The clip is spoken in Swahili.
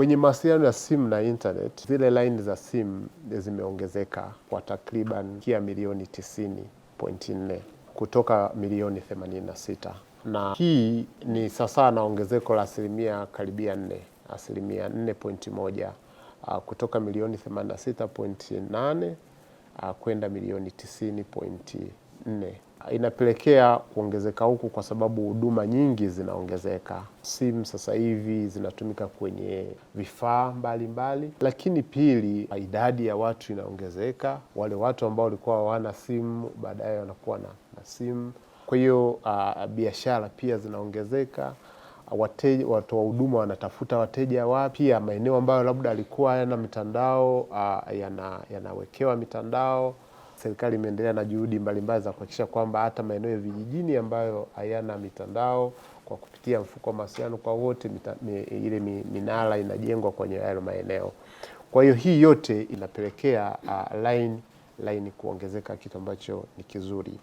Kwenye mawasiliano ya simu na internet, zile laini za simu zimeongezeka kwa takriban kia milioni 90.4 kutoka milioni 86, na hii ni sasa na ongezeko la asilimia karibia 4, asilimia 4.1 ah, kutoka milioni 86.8 ah, kwenda milioni 90.4 nne. Inapelekea kuongezeka huku kwa sababu huduma nyingi zinaongezeka. Simu sasa hivi zinatumika kwenye vifaa mbalimbali, lakini pili, idadi ya watu inaongezeka. Wale watu ambao walikuwa hawana simu baadaye wanakuwa na, na simu. Kwa hiyo uh, biashara pia zinaongezeka watoa wa huduma wanatafuta wateja wapya. Maeneo ambayo labda alikuwa hayana mitandao uh, yanawekewa yana mitandao serikali imeendelea na juhudi mbalimbali za kuhakikisha kwamba hata maeneo ya vijijini ambayo hayana mitandao kwa kupitia mfuko wa mawasiliano kwa wote ile minara inajengwa kwenye hayo maeneo. Kwa hiyo hii yote inapelekea uh, line line kuongezeka, kitu ambacho ni kizuri.